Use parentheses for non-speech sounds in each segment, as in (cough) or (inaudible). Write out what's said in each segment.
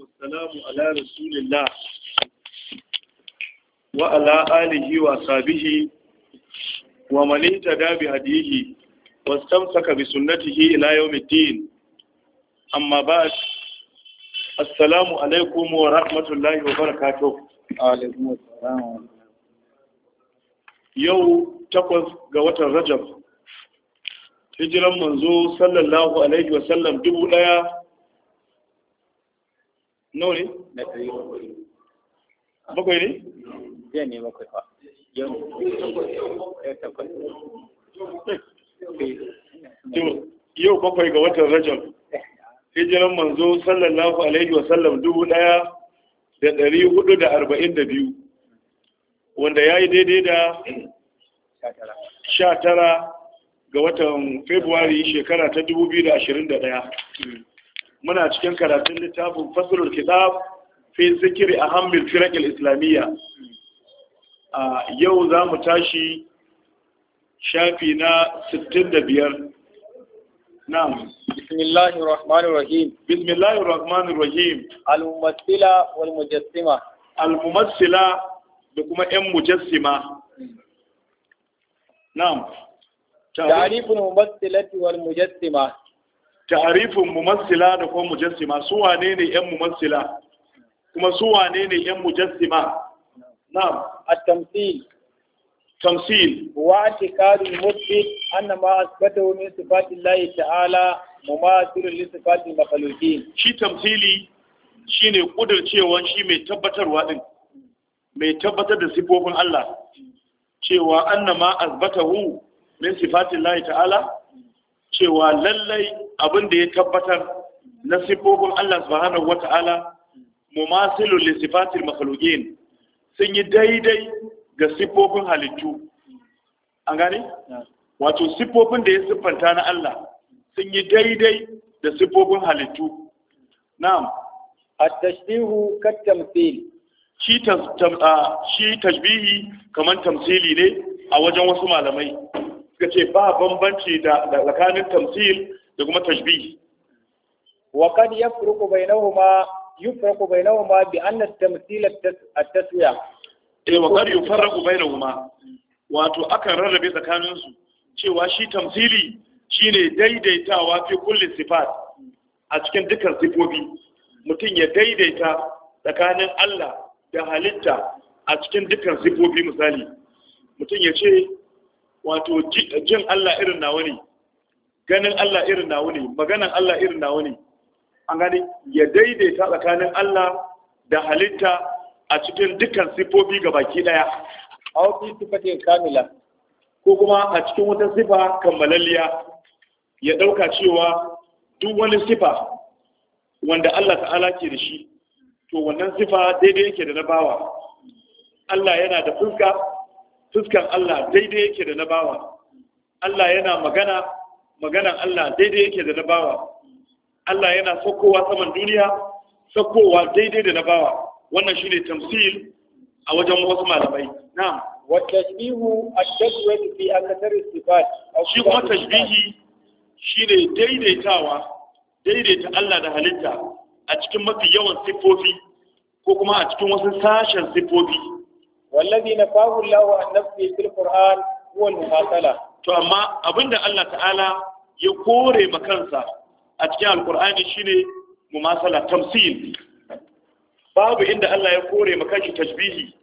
wassalamu ala rasulillah wa ala alihi wa sabihi wa man ittaba bi hadihi wastamsaka bi sunnatihi ila yawmiddin amma ba'd assalamu alaikum wa rahmatullahi wa barakatuh yau takwas ga watan rajab hijiran manzo sallallahu alaihi wa sallam dubu daya nawa ne na ɗari bakwai ne jiya ne bakwai fa. yau takwas yau bakwai ga watan rajab hijiran manzo sallallahu alaihi wa sallam dubu ɗaya da ɗari hudu da arba'in da biyu wanda ya yi daidai da sha tara ga watan februari shekara ta dubu biyu da ashirin da ɗaya hmm. muna cikin karatun littafin fasulul kitab fi zikiri a hamil firakil islamiyya a yau za mu tashi shafi na 65 na'am bismillahir rahmanir rahim bismillahir rahmanir rahim al-mumassila wal mujassima al-mumassila da kuma yan mujassima na'am ta'riful mumassilati wal mujassima ta'arifin mumassila da kuma mujassima su wane ne yan mumassila kuma su wane ne yan mujassima na'am at-tamthil tamthil wa i'tiqadul musbit anna ma asbatahu min sifati Allah ta'ala mumathilun li sifati makhluqin shi tamthili shine kudurcewan shi mai tabbatarwa din mai tabbatar da sifofin Allah cewa anna ma asbatahu min sifati Allah ta'ala cewa lallai abin da ya tabbatar na sifofin Allah subhanahu wata'ala mumasilul li sifatil makhluqin sun yi daidai ga sifofin halittu an gane wato sifofin da ya siffanta na Allah sun yi daidai da sifofin halittu na'am at-tashbihu kat tamthil shi ah, shi tashbihi kamar tamsili ne a wajen wasu malamai suka ce ba bambanci da tsakanin tamsil da kuma tashbih wa qad yafruqu bainahuma yufraqu bainahuma bi anna at-tamthil at-taswiya eh wa qad yufarraqu bainahuma wato akan rarrabe tsakanin su cewa shi tamthili shine daidaitawa fi kulli sifat a cikin dukkan sifofi mutum ya daidaita tsakanin Allah da halitta a cikin dukkan sifofi misali mutum ya ce wato jin Allah irin nawa ne ganin Allah irin nawa ne maganan Allah irin nawa ne an gani ya daidaita tsakanin Allah da halitta a cikin dukkan sifofi ga baki daya aw fi sifatin kamila ko kuma a cikin wata sifa kammalalliya ya dauka cewa duk wani sifa wanda Allah ta'ala ke da shi to wannan sifa daidai yake da na bawa Allah yana da fuska fuskan Allah daidai yake da na bawa Allah yana magana maganan Allah daidai yake da na bawa Allah yana saukowa saman duniya saukowa daidai da na bawa wannan shine tamsil a wajen wasu malamai na'am wa tashbihu at-tajwid fi akthar sifat shi kuma tashbihi shine daidaitawa daidaita Allah da halitta a cikin mafi yawan sifofi ko kuma a cikin wasu sashen sifofi wallazi na fahu lahu an nafsi fil qur'an to amma abinda Allah ta'ala ya kore ma kansa a cikin alqur'ani shine mumasala tamsil babu inda Allah ya kore ma kanshi tajbihi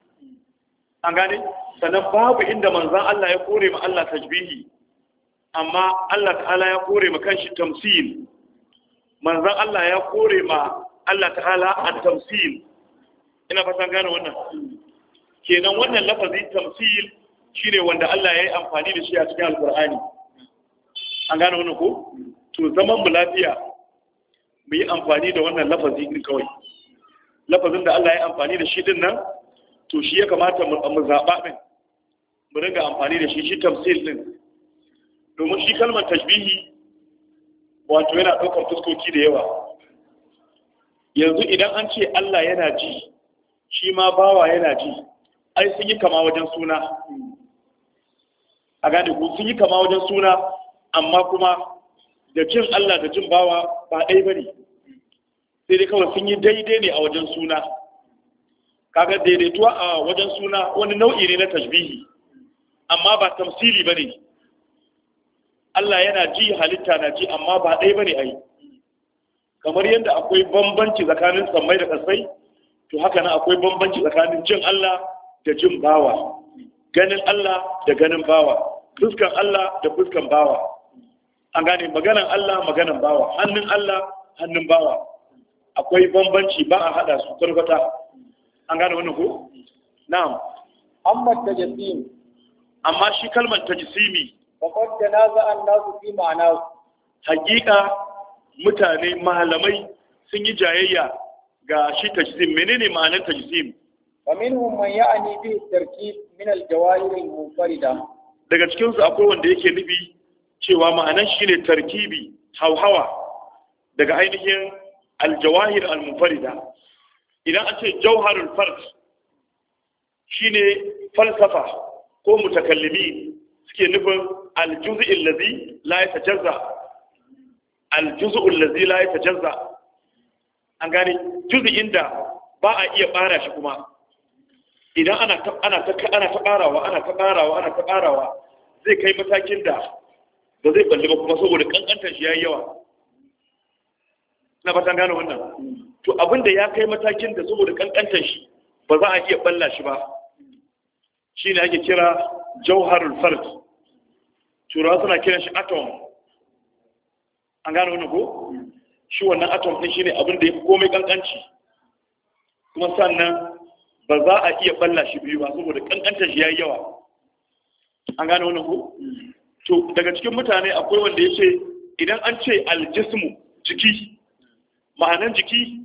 gane sannan babu inda manzan Allah ya kore ma Allah tajbihi amma Allah ta'ala ya kore ma kanshi tamsil manzan Allah ya kore ma Allah ta'ala a tamsil ina fatan gane wannan kenan wannan lafazi tamsil shine wanda Allah ya yi amfani da shi a cikin alkur'ani an gane wannan ko to zaman mu lafiya mu yi amfani da wannan lafazi din kawai lafazin da Allah ya yi amfani da shi din nan to shi ya kamata mu zaɓa din mu riga amfani da shi shi tamsil din domin shi kalmar tashbihi wato yana ɗaukar fuskoki da yawa yanzu idan an ce Allah yana ji shi ma bawa yana ji ai sun yi kama wajen suna a gane ku sun yi kama wajen suna amma kuma da jin Allah da jin bawa ba ɗai ba ne sai dai kawai sun yi daidai ne a wajen suna kaga daidaituwa a wajen suna wani nau'i ne na tashbihi amma ba tamsili ba ne Allah yana ji halitta na ji amma ba ɗai ba ne a yi kamar yadda akwai bambanci tsakanin sammai da kasai to haka nan akwai bambanci tsakanin jin Allah da jin bawa ganin Allah da ganin bawa fuskan Allah da fuskan bawa an gane maganan Allah maganan bawa hannun Allah hannun bawa akwai bambanci ba a hada su tarfata an gane wannan ko na'am amma tajassim amma shi kalmar ta tajsimi faqad janaza an-nasu fi ma'ana hakika mutane malamai sun yi jayayya ga shi tajsim menene ma'anar tajsim فمنهم من يعني به التركيب من الجواهر المنفردة daga cikin su akwai wanda yake nufi cewa ma'anan shine tarkibi hauhawa daga ainihin aljawahir almunfarida idan an ce jawharul fard shine falsafa ko mutakallimi suke nufin aljuz'u allazi la yatajazza aljuz'u allazi la yatajazza an gane juz'in inda ba a iya bara shi kuma idan ana ta ana ana ta ƙarawa ana ta ƙarawa ana ta ƙarawa zai kai matakin da ba zai balle ba kuma saboda kankantar shi yi yawa na fatan gano wannan to abinda ya kai matakin da saboda kankantar shi ba za a iya balla shi ba Shi ne ake kira jauharul fard turawa suna kiran shi atom an gano wannan ko shi wannan atom din shine ne abinda ya komai kankanci kuma sannan ba za a iya balla shi biyu ba saboda kankanta shi yayi yawa an gane wannan ko to daga cikin mutane akwai wanda yace idan an ce aljismu jiki ma'anan jiki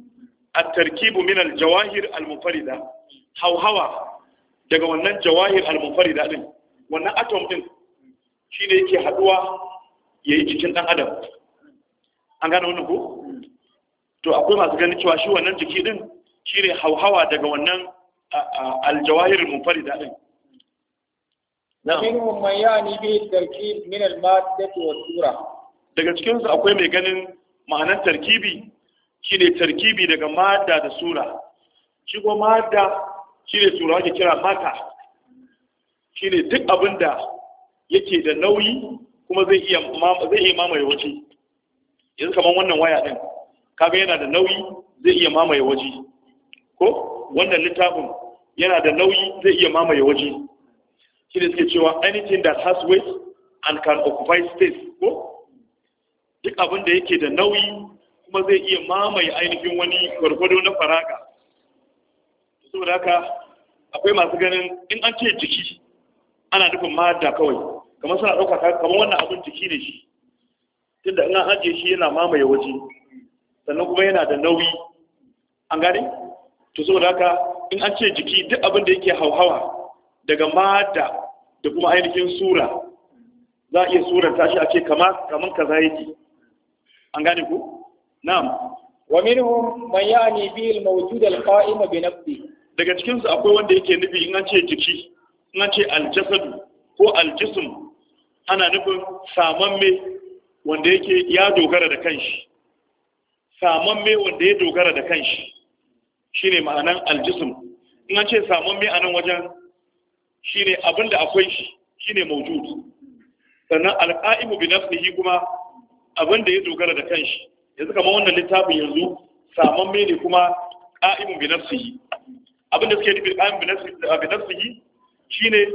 at-tarkibu min al-jawahir al-munfarida hawhawa daga wannan jawahir al-munfarida din wannan atom din shine yake haduwa yayi cikin dan adam an gane wannan ko to akwai masu ganin cewa shi wannan jiki din shine hauhawa daga wannan الجواهر munfarida نعم ومنهم من يعني به التركيب من المادة والصورة daga cikin su akwai mai ganin ma'anar tarkibi shine tarkibi daga madda da sura shi ko madda shine sura ake kira mata shine duk abin da yake da nauyi kuma zai iya zai iya mamaye waje yanzu kaman wannan waya din kaga yana da nauyi zai iya mamaye waje ko wannan littafin yana da nauyi zai iya mamaye waje shi da suke cewa anything that has weight and can occupy space ko duk abin da yake da nauyi kuma zai iya mamaye ainihin wani gwargwado na faraga saboda haka akwai masu ganin in an ce jiki ana nufin mada kawai kamar suna ɗauka kamar wannan abin jiki ne shi tunda in an ajiye shi yana mamaye waje sannan kuma yana da nauyi an gane to zo da haka in an ce jiki duk abin da yake hauhawa daga mata da kuma ainihin sura za a iya ta shi a ce kamar kaza yake an gane ku na'am wa minhum man ya'ni bi al-mawjud al-qa'im bi nafsi daga cikin su akwai wanda yake nufi in an ce jiki in an ce al-jasad ko al-jism ana nufin saman me wanda yake ya dogara da kanshi samamme wanda ya dogara da kanshi shine ma'anan aljism in an ce samun mi anan wajen shine abin da akwai shi shine mawjud sannan alqa'imu bi nafsihi kuma abin da ya dogara da kanshi yanzu kamar wannan littafin yanzu samun mi ne kuma a'imu bi nafsihi abin da suke nufi qa'imu bi nafsihi shine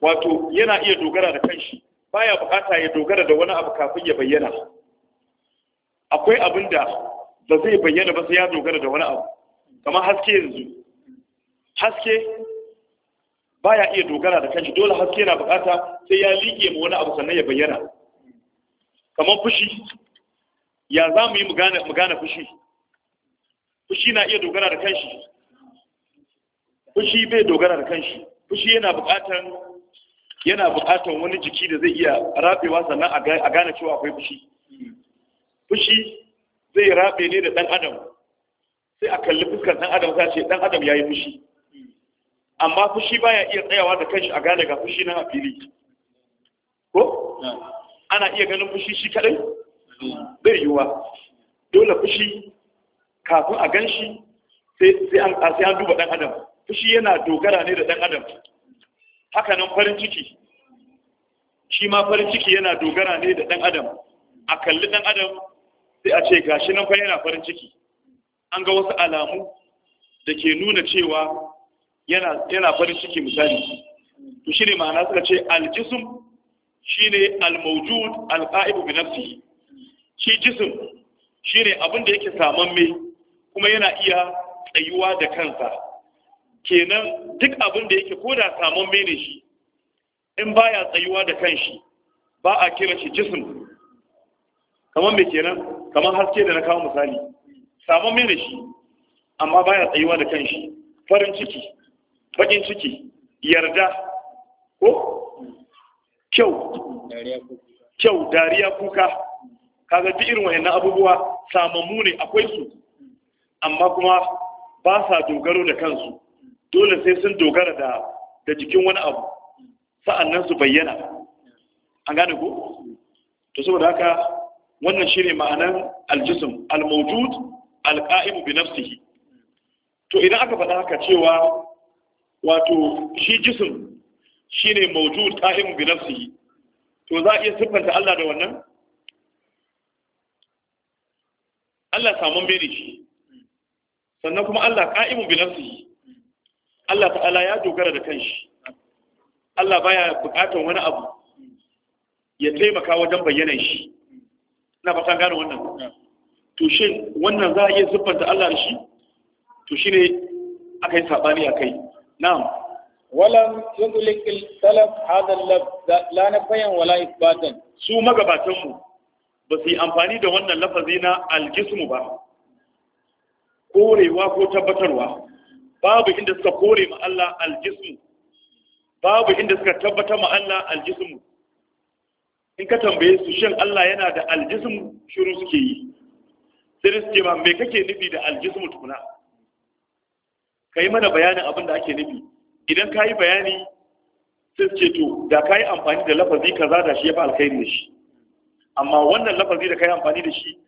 wato yana iya dogara da kanshi baya bukata ya dogara da wani abu kafin ya bayyana akwai abin da ba zai bayyana ba sai ya dogara da wani abu kamar haske yanzu haske baya iya dogara da kanshi dole haske na bukata sai ya liƙe mu wani abu sannan ya bayyana kamar fushi ya za mu yi mu gane fushi fushi na iya dogara da kanshi fushi bai dogara da kanshi fushi yana bukatan yana bukatan wani jiki da zai iya rabewa sannan a gane cewa akwai fushi fushi zai rabe ne da dan adam sai a kalli fuskar ɗan adam ka ce ɗan adam ya yi fushi amma fushi baya iya tsayawa da kanshi a gane ga fushi nan a fili ko ana iya ganin fushi shi kaɗai bai yiwuwa dole fushi kafin a gan shi sai an duba ɗan adam fushi yana dogara ne da ɗan adam haka farin ciki shi ma farin ciki yana dogara ne da ɗan adam a kalli ɗan adam sai a ce gashi nan fa yana farin ciki an ga wasu alamu da ke nuna cewa yana farin ciki misali to shi ne ma'ana suka ce aljisum shi ne almaujud alka'ibu bi nafsi shi jisum shi ne abin da yake samamme kuma yana iya tsayuwa da kansa kenan duk abin da yake koda samamme ne shi in ba ya tsayuwa da kanshi ba a kira shi jisum kamar me kenan kamar haske da na kawo misali samu mini shi amma baya tsayuwa da kanshi farin ciki baƙin ciki yarda ko kyau kyau dariya kuka kaga duk irin wayannan abubuwa samamu ne akwai su amma kuma ba sa dogaro da kansu dole sai sun dogara da da jikin wani abu nan su bayyana an gane ko to saboda haka wannan shine ma'anan aljism al alqa'imu bi to idan aka faɗa haka cewa wato shi jism shi ne qa'imu bi nafsihi to za a iya siffanta Allah da wannan Allah samun bene shi sannan kuma Allah qa'imu bi Allah ta'ala ya dogara da kanshi Allah baya buƙatar wani abu ya taimaka wajen bayyana shi ina fatan gane wannan tushe wannan za a iya zubanta Allah da shi to shi ne aka yi saɓani a kai na'am walam yuzulik salaf hada lab la nafayan wala isbatan su magabatan mu ba su yi amfani da wannan lafazi na aljismu ba korewa ko tabbatarwa babu inda suka kore ma Allah algismu babu inda suka tabbata ma Allah aljismu in ka tambaye su shin Allah yana da aljismu shirin suke yi sai su ce kake nufi da aljismu tukuna Ka yi mana bayanin abin da ake nufi idan ka yi bayani sai su ce to da ka yi amfani da lafazi kaza da shi ya fi alkhairi da shi amma wannan lafazi da ka yi amfani da shi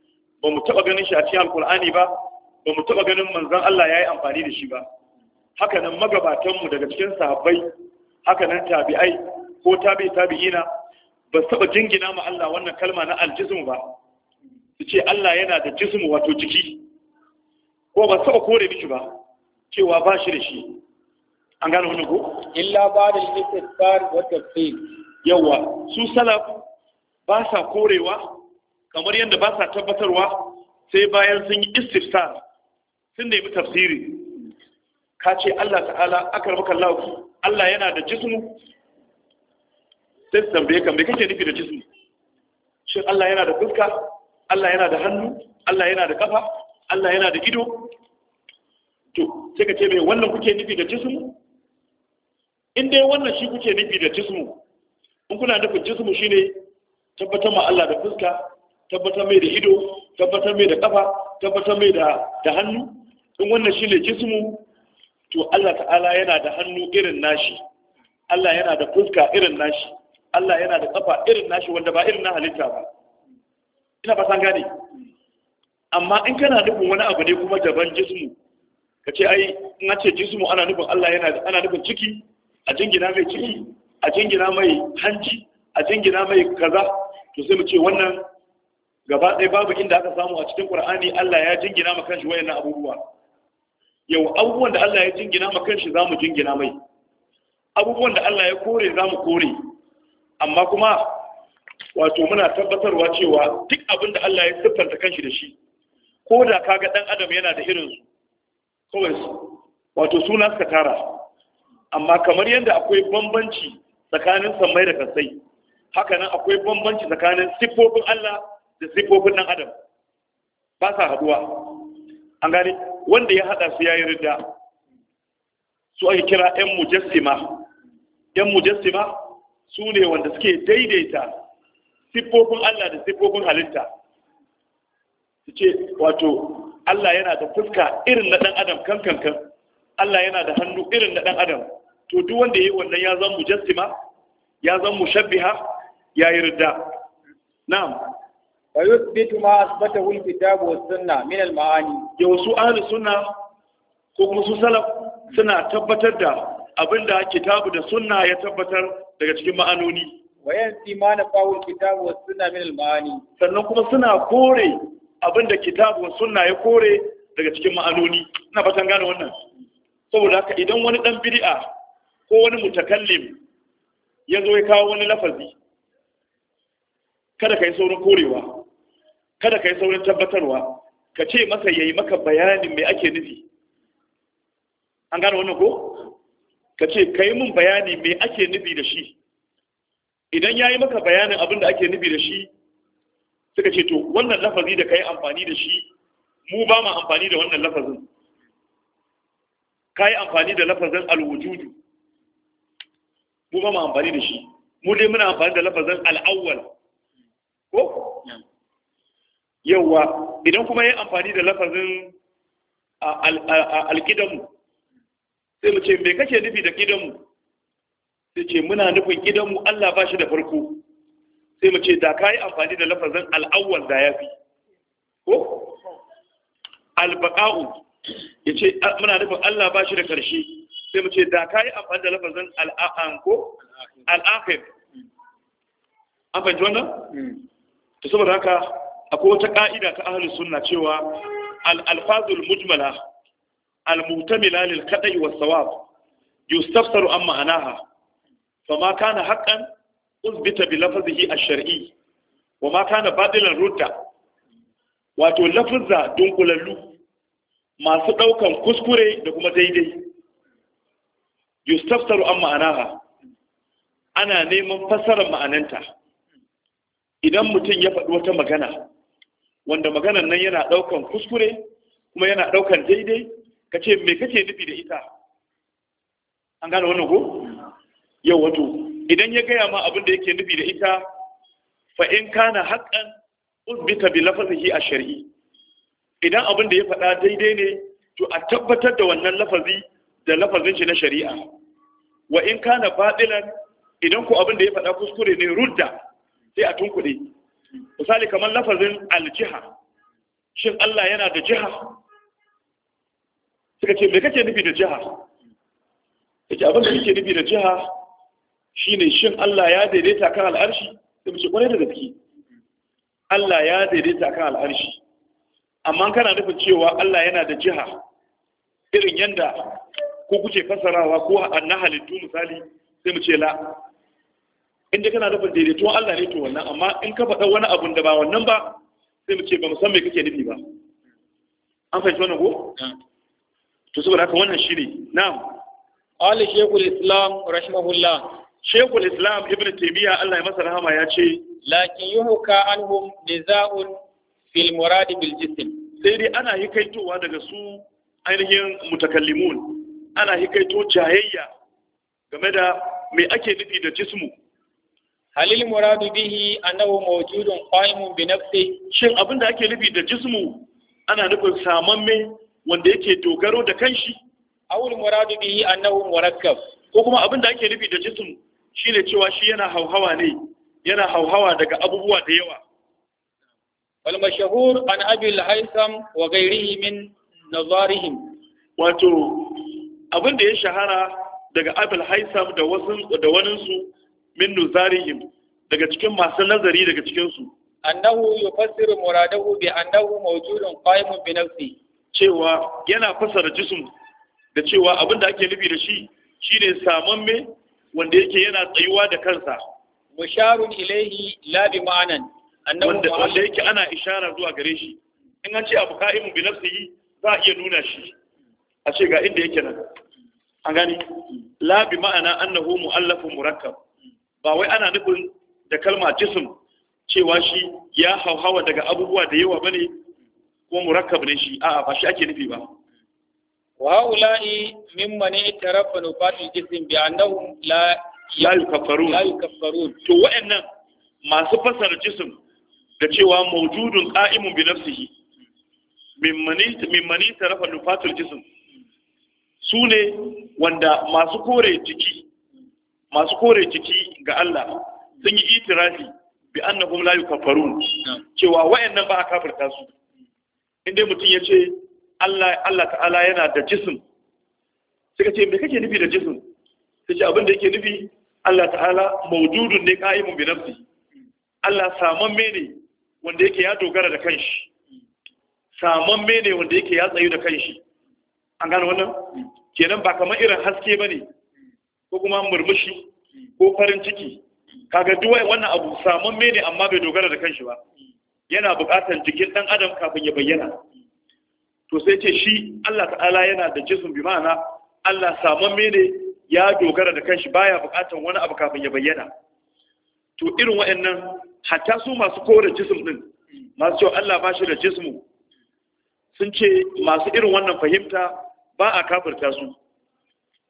ba mu taɓa ganin shi a cikin alkur'ani ba ba mu taɓa ganin manzon Allah ya yi amfani da shi ba haka nan magabatanmu daga cikin sahabbai haka nan tabi'ai ko tabi tabi'ina ba su taɓa jingina ma Allah wannan kalma na aljizmu ba su ce Allah yana da jismu wato jiki ko ba saba da miki ba cewa ba shi da shi an gano wani ko illa ba da istisbar wa tafsir yawa su salaf ba sa korewa kamar yadda ba sa tabbatarwa sai bayan sun yi istifsar sun nemi tafsiri ka ce Allah ta'ala akar maka Allah Allah yana da jismu sai su tambaye ka me kake nufi da jismu shin Allah yana da fuska Allah yana da hannu Allah yana da kafa Allah yana da ido to sai ka ce mai wannan kuke nufi da jismu in dai wannan shi kuke nufi da jismu in kuna nufin jismu shine tabbatar ma Allah da fuska tabbatar mai da ido tabbatar mai da kafa tabbatar mai da da hannu in wannan shine jismu to Allah ta'ala yana da hannu irin nashi Allah yana da fuska irin nashi Allah yana da kafa irin nashi wanda ba irin na halitta ba ina ba san gane amma in kana nufin wani abu ne kuma daban jismu ka ce ai in ce jismu ana nufin Allah yana ana nufin ciki a jingina mai ciki a jingina mai hanci a jingina mai kaza to sai mu ce wannan gaba ɗaya babu inda aka samu a cikin Qur'ani Allah ya jingina ma kanshi wayannan abubuwa yau abubuwan da Allah ya jingina ma kanshi zamu jingina mai abubuwan da Allah ya kore zamu kore amma kuma wato muna tabbatarwa cewa duk abin da Allah ya siffanta kanshi da shi ko da kaga ɗan adam yana da irin su kawai su wato suna suka tara amma kamar yadda akwai bambanci tsakanin sammai da kansai haka nan akwai bambanci tsakanin siffofin Allah da siffofin dan adam ba sa haduwa an gane wanda ya hada su yayi ridda su ake kira yan mujassima yan mujassima su ne wanda suke daidaita siffofin Allah da siffofin halitta su ce wato Allah yana da fuska irin na ɗan adam kan kan kan Allah yana da hannu irin na ɗan adam to duk wanda ya yi wannan ya zan mujassima ya zan mushabbiha ya yi ridda na'am wa yuthbitu ma asbatahu al-kitab wa sunna min al-ma'ani ya wasu ahli sunna ko kuma su salaf suna tabbatar da abinda kitabu da sunna ya tabbatar daga cikin ma'anoni wayan fi ma na fawon kitabu wa suna min almani sannan kuma suna kore abinda kitabu wa suna ya kore daga cikin ma'anoni ina fatan gane wannan saboda haka idan wani dan bid'a ko wani mutakallim ya zo ya kawo wani lafazi kada ka yi saurin korewa kada ka yi saurin tabbatarwa ka ce masa yayi maka bayanin me ake nufi an gane wannan ko ka ce ka yi mun bayani me ake nufi da shi idan ya yi maka bayanin abin da ake nufi da shi suka ce to wannan lafazi da ka yi amfani da shi mu ba ma amfani da wannan lafazin ka yi amfani da lafazin alwujudu mu ba ma amfani da shi mu dai muna amfani da lafazin al'awwal ko yawwa idan kuma ya yi amfani da lafazin alkidanmu sai mu ce me kake nufi da kidanmu sai ce muna nufin gidanmu Allah ba shi da farko sai mace da ka yi amfani da lafazin al'awwal da ya fi ko albaqa'u ya ce muna nufin Allah ba shi da ƙarshe sai mace da ka yi amfani da lafazin al'a'an ko al'afir an fahimci wannan hmm. to saboda haka akwai wata ka'ida ta ahlus suna cewa al-alfazul mujmala al-muhtamila lil qada'i was-sawab yustafsaru an ma'anaha fama kana haqqan uzbita bi lafzihi ash-shar'i wa ma kana badilan rudda wato lafuzza dunkulallu masu ɗaukan kuskure da kuma daidai yustafsaru an ma'anaha ana neman fassarar ma'ananta idan mutum ya faɗi wata magana wanda maganan nan yana ɗaukan kuskure kuma yana ɗaukan daidai ka ce me kake nufi da ita an gane wannan ko yau wato idan ya gaya ma abin da yake nufi da ita fa in kana haqqan uzbita bi lafazihi a shari'i. idan abin da ya faɗa daidai ne to a tabbatar da wannan lafazi da lafazin shi na shari'a wa in kana batilan idan ku abin da ya faɗa kuskure ne rudda sai a tunkuɗe misali kamar lafazin aljiha shin Allah yana da jiha suka ce me kake nufi da jiha kace abin da kake nufi da jiha Shi ne shin Allah ya daidaita kan al'arshi da mace ƙwarai da gaske Allah ya daidaita kan al'arshi amma kana nufin cewa Allah yana da jiha irin yanda ko kuke fasarawa ko na halittu misali sai mu ce la inda kana nufin daidaituwan Allah ne to wannan amma in ka faɗa wani abun da ba wannan ba sai mu ce ba mu san me kake nufi ba an fahimci wannan ko to saboda haka wannan shi ne na'am qala shaykhul islam rahimahullah Shekul Islam Ibn Taymiya Allah ya masa rahama ya ce lakin yuhuka anhum niza'un fil murad bil jism sai dai ana hikaitowa daga su ainihin mutakallimun ana hikaito jayayya game da me ake nufi da jismu halil muradu bihi annahu mawjudun qa'imun bi nafsi shin abinda ake nufi da jismu ana nufin samamme wanda yake dogaro da kanshi awul muradu bihi annahu murakkab ko kuma abinda ake nufi da jismu Shi ne cewa shi yana hauhawa ne yana hauhawa daga abubuwa da yawa wal mashhur an abi al-haytham wa ghayrihi min nazarihim wato abin da ya shahara daga abul haisam da wasu da waninsu min nazarihim daga cikin masu nazari daga cikin su annahu yufassiru muradahu bi annahu mawjudun qa'imun bi nafsi cewa yana fasara jism da cewa abin da ake nufi da shi shine saman wanda yake yana tsayuwa da kansa musharun ilaihi la bi ma'anan wanda wanda yake ana ishara zuwa gare shi in an ce abu qa'imun bi nafsihi za a iya nuna shi a ce ga inda yake nan an gani la bi ma'ana annahu mu'allafun murakkab ba wai ana nufin da kalma jism cewa shi ya hauhawa daga abubuwa da yawa bane ko murakkab ne shi a'a ba shi ake nufi ba وهؤلاء ممن اعترف نفاة الجسم بأنهم لا يكفرون لا يكفرون تو to wa'annan masu الجسم jism da cewa بنفسه ممن bi nafsihi mimmani sune wanda masu kore jiki masu kore jiki ga Allah sun yi itirafi bi annahum la yukaffarun cewa wa'annan ba a kafirta su inda mutum ya ce Allah ta'ala yana da jisun suka ce me kake nufi da jisun su ce abinda yake nufi Allah ta'ala maududun ne qa'imun bi nafsi Allah Saman mene wanda yake ya dogara da kanshi Saman mene wanda yake ya tsayu da kanshi an gane wannan kenan ba kamar irin haske bane ko kuma murmushi ko farin ciki kaga duk wannan abu saman mene amma bai dogara da kanshi ba yana bukatan jikin ɗan adam kafin ya bayyana to sai ce shi Allah ta'ala yana da jisun bi ma'ana Allah samamme mene ya dogara da kanshi baya bukatan wani abu kafin ya bayyana to irin wa'annan hatta su masu kore jisun din masu cewa Allah ba shi da jismu sun ce masu irin wannan fahimta ba a kafirta su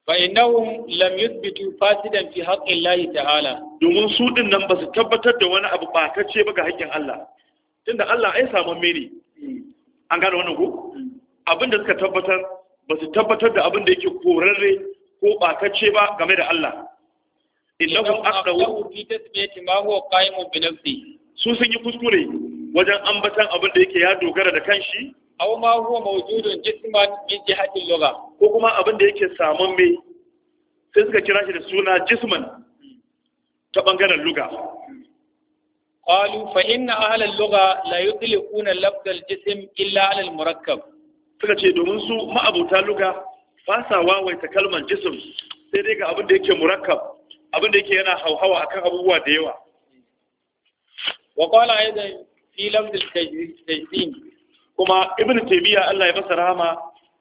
fa innahum lam yuthbitu fasidan fi haqqi Allah ta'ala domin su din nan ba su tabbatar da wani abu batacce ba ga haƙƙin Allah tunda Allah ai saman mene hmm. an gane wannan ko hmm. abin da suka tabbatar ba su tabbatar da abin da yake korarre ko ɓatacce ba game da Allah innahum aqdawu fi tasmiyati ma huwa qaimun bi nafsi su sun yi kuskure wajen ambatan abin da yake ya dogara da kanshi aw ma huwa mawjudun jisman min jihati lugha ko kuma abin da yake samun me sai suka kira shi da suna jisman ta bangaren lugha قالوا فإن أهل la لا يطلقون jism illa ala al-murakkab. suka ce domin su ma'abuta luga ba sa wawaita kalmar jisim sai dai ga abin da yake murakkab abin da yake yana hauhawa akan abubuwa da yawa wa qala aidan fi lamd al-tajsim kuma ibnu Taibiya Allah ya masa rahama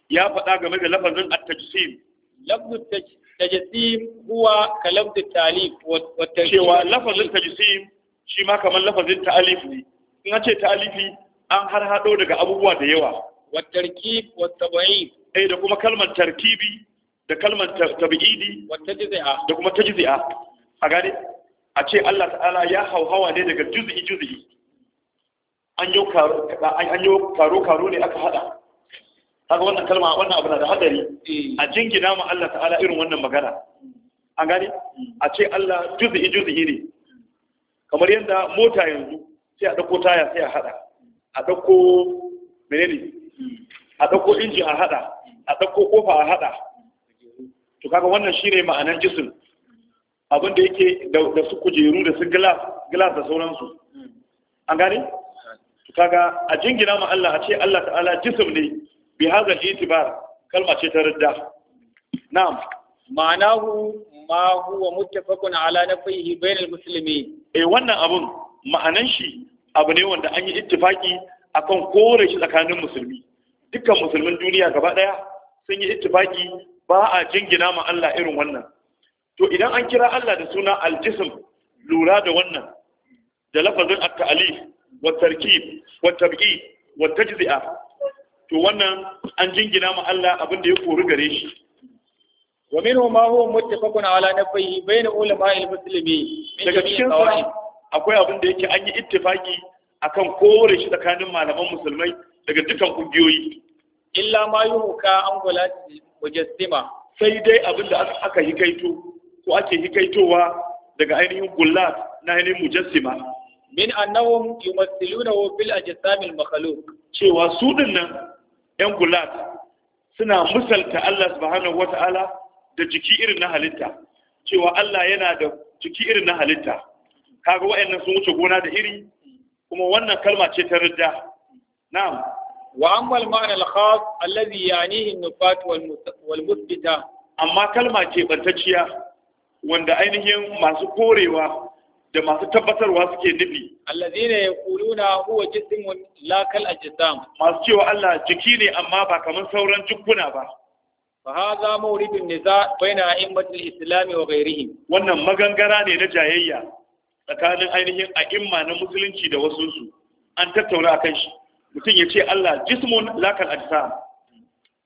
ya faɗa game da lafazin at-tajsim lafz at-tajsim huwa ka at-talif wa cewa lafazin tajsim shi ma kamar lafazin ta'alif ne in ce ta'alifi an har hado daga abubuwa da yawa والتركيب والتبعيد اي da kuma kalmar tarkibi da kalmar tabiidi da kuma tajzi'a a gane a ce Allah ta'ala ya hauhawa ne daga juz'i juz'i an yau karo an yau karo karo ne aka hada kaga wannan kalma wannan abu na da hadari eh. a jingina ma Allah ta'ala irin wannan magana an gani a ce Allah juz'i juz'i ne kamar yadda mota yanzu sai a dauko taya sai a hada a dauko menene a ɗauko inji a haɗa a ɗauko kofa a haɗa to kaga wannan shi ne ma'anar abin abinda yake da su kujeru da su glass da sauransu an gane to kaga a jingina ma Allah a ce Allah ta'ala jisun ne bi hazal itibar kalma ce ta radda. na'am ma'anahu ma huwa muttafaqun ala nafihi bainal muslimin eh wannan abun ma'anan shi abu ne wanda an yi ittifaki akan kore shi tsakanin musulmi dukkan musulmin duniya gaba daya sun yi ittifaki ba a jingina ma Allah irin wannan to idan an kira Allah da suna aljism lura da wannan da lafazin at wa tarkib wa tab'i wa tajzi'a to wannan an jingina ma Allah abin da ya kori gare shi wa minhu ma huwa muttafaqun ala nafihi bayna ulama al-muslimin daga cikin akwai abin da yake an yi ittifaki akan kowane shi tsakanin malaman musulmai daga dukkan ƙungiyoyi. illa ma hoka an wala mujassima sai dai abin da aka hikaito ko ake hikaitowa daga ainihin gullat na ainihin mujassima min annahum wa fil ajsamil makhluq cewa su dinnan yan gullat suna misalta Allah subhanahu wata'ala da jiki irin na halitta cewa Allah yana da jiki irin na halitta kaga wayannan sun wuce gona da iri kuma wannan kalma ce ta ridda na'am wa amma al-ma'na al-khas alladhi ya'nihi an-nufat wal-musbita amma kalma ce bantacciya wanda ainihin masu korewa da masu tabbatarwa suke nufi alladhina yaquluna huwa jismun la kal ajsam masu cewa Allah jiki ne amma ba kamar sauran jikuna ba فهذا مورد النزاع wa أئمة Wannan magangara ne na jayayya. tsakanin ainihin a imma na musulunci da wasu su an tattauna a kan shi mutum ya ce Allah jismun lakal ajsam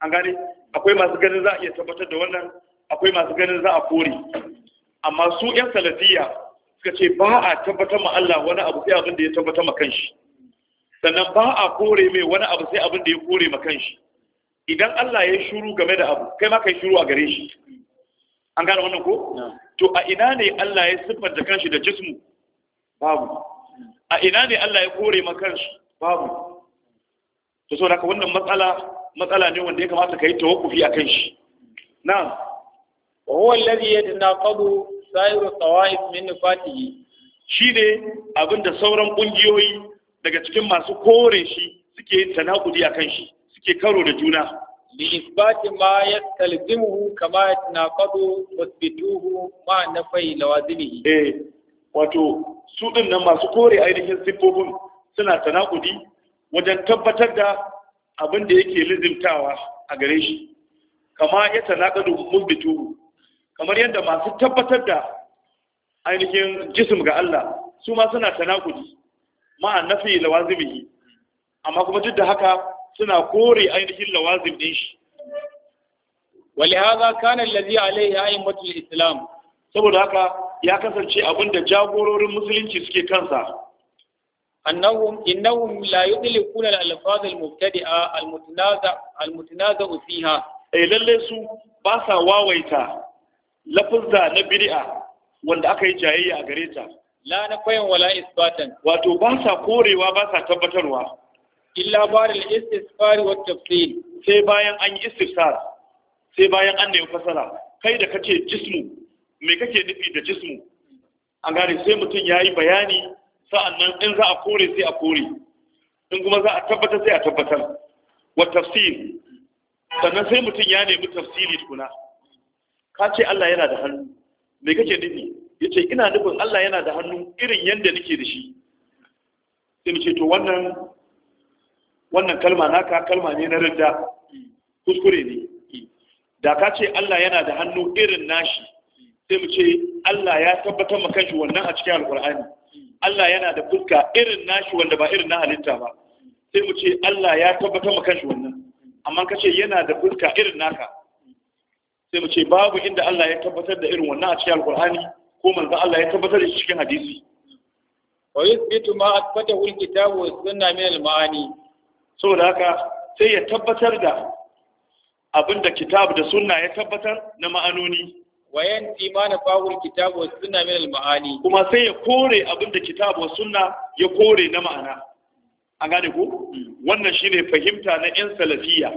an gane akwai masu ganin za a iya tabbatar da wannan akwai masu ganin za a kore amma su yan salafiya suka ce ba a tabbatar ma Allah wani abu sai abin da ya tabbatar ma kanshi sannan ba a kore mai wani abu sai abin da ya kore ma kanshi idan Allah ya shiru shuru game da abu kai ma kai shuru a gare shi an gane wannan ko to a ina ne Allah ya siffanta kanshi da jismu babu a ina ne Allah ya kore ma kanshi babu to so da wannan matsala matsala ne wanda ya kamata kai tawakkufi a kanshi na'am wa huwa alladhi yatanaqadu sa'iru tawa'if min nifatihi shine abinda sauran kungiyoyi daga cikin masu kore shi suke tanakudi a kanshi suke karo da juna لإثبات ما يستلزمه كما يتناقض وثبتوه مع نفي لوازمه إيه واتو سودن نما سكوري أيديهم سبوبون سنة تناقضي wajen tabbatar da abin da yake lizimtawa a gare shi kama ya tanakadu mumbitu kamar yadda masu tabbatar da ainihin jisim ga Allah su ma suna tanakudi ma'an nafi lawazimihi amma kuma duk da haka suna kore ainihin lawazim din shi kana كان الذي عليه أئمة Islam? saboda haka ya kasance abin da jagororin musulunci suke kansa annahum innahum la yudlikuna al-alfaz al-mubtadi'a al-mutanaza al-mutanaza fiha eh lalle su ba sa wawaita lafuzza na bid'a wanda aka yi jayayya a gare ta la na wala isbatan wato ba sa korewa ba sa tabbatarwa illa baril istisfari wa tafsil sai bayan an yi istifsar sai bayan an da fasara kai da kace jismu me kake nufi da jismu an gane sai mutum yayi bayani sa'annan in za a kore sai a kore in kuma za a tabbatar sai a tabbatar wa tafsil sannan sai mutum ya nemi tafsili tukuna ka ce Allah yana da hannu me kake nufi yace ina nufin Allah yana da hannu irin yanda nake da shi sai mu ce to wannan wannan kalma naka kalma ne na rinda kuskure ne da ka ce Allah yana da hannu irin nashi sai mu ce Allah ya tabbatar maka shi wannan a cikin alkur'ani Allah yana da fuska irin nashi wanda ba irin na halitta ba sai mu ce Allah ya tabbatar maka shi wannan amma ka ce yana da fuska irin naka sai mu ce babu inda Allah ya tabbatar da irin wannan a cikin alkur'ani ko manzo Allah ya tabbatar da shi cikin hadisi wa yuthbitu ma athbathahu alkitabu was sunna min almaani da haka sai ya tabbatar da abin da kitab da sunna ya tabbatar na ma'anoni wayan imanin bawul kitab wa sunna min ma'ani kuma sai ya kore abin da kitab wa sunna ya kore na ma'ana an gane ko wannan shine fahimta na yan salafiya,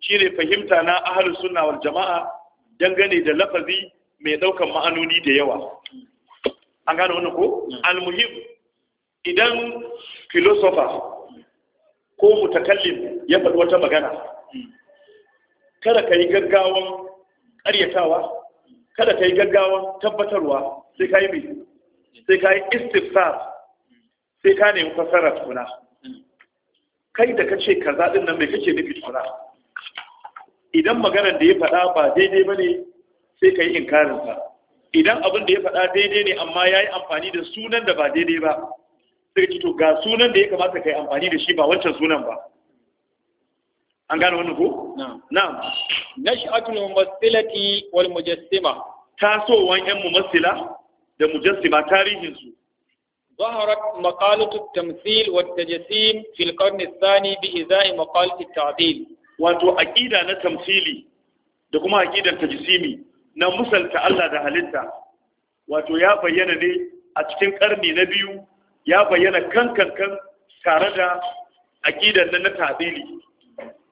shine fahimta na ahlus sunna wal jama'a dangane da lafazi mai daukan ma'anoni da yawa an gane wannan ko mm. al-muhim, idan philosopher ko mutakallim ya faɗi wata magana kada ka yi gaggawan ƙaryatawa kada ka yi gaggawan tabbatarwa sai ka yi mai sai ka yi istifsar sai ka nemi fasara tukuna kai da ka ce ka zaɗin nan mai kake nufi tukuna idan maganar da ya faɗa ba daidai ba ne sai ka yi inkarinsa idan abin da ya faɗa daidai ne amma ya yi amfani da sunan da ba daidai ba sai ci to ga sunan da ya kamata ka yi amfani da shi ba wancan sunan ba an gane wannan ko na'am nash'atul mumassilati wal mujassima tasowan yan mumassila da mujassima tarihin su ظهرت مقالة التمثيل والتجسيم في القرن الثاني بإزاء مقالة التعديل wato aƙida na tamsili da kuma aƙidar tajisimi na musalta Allah da halitta wato ya bayyana ne a cikin ƙarni na biyu ya bayyana kan kankan tare da aƙidar nan na tadili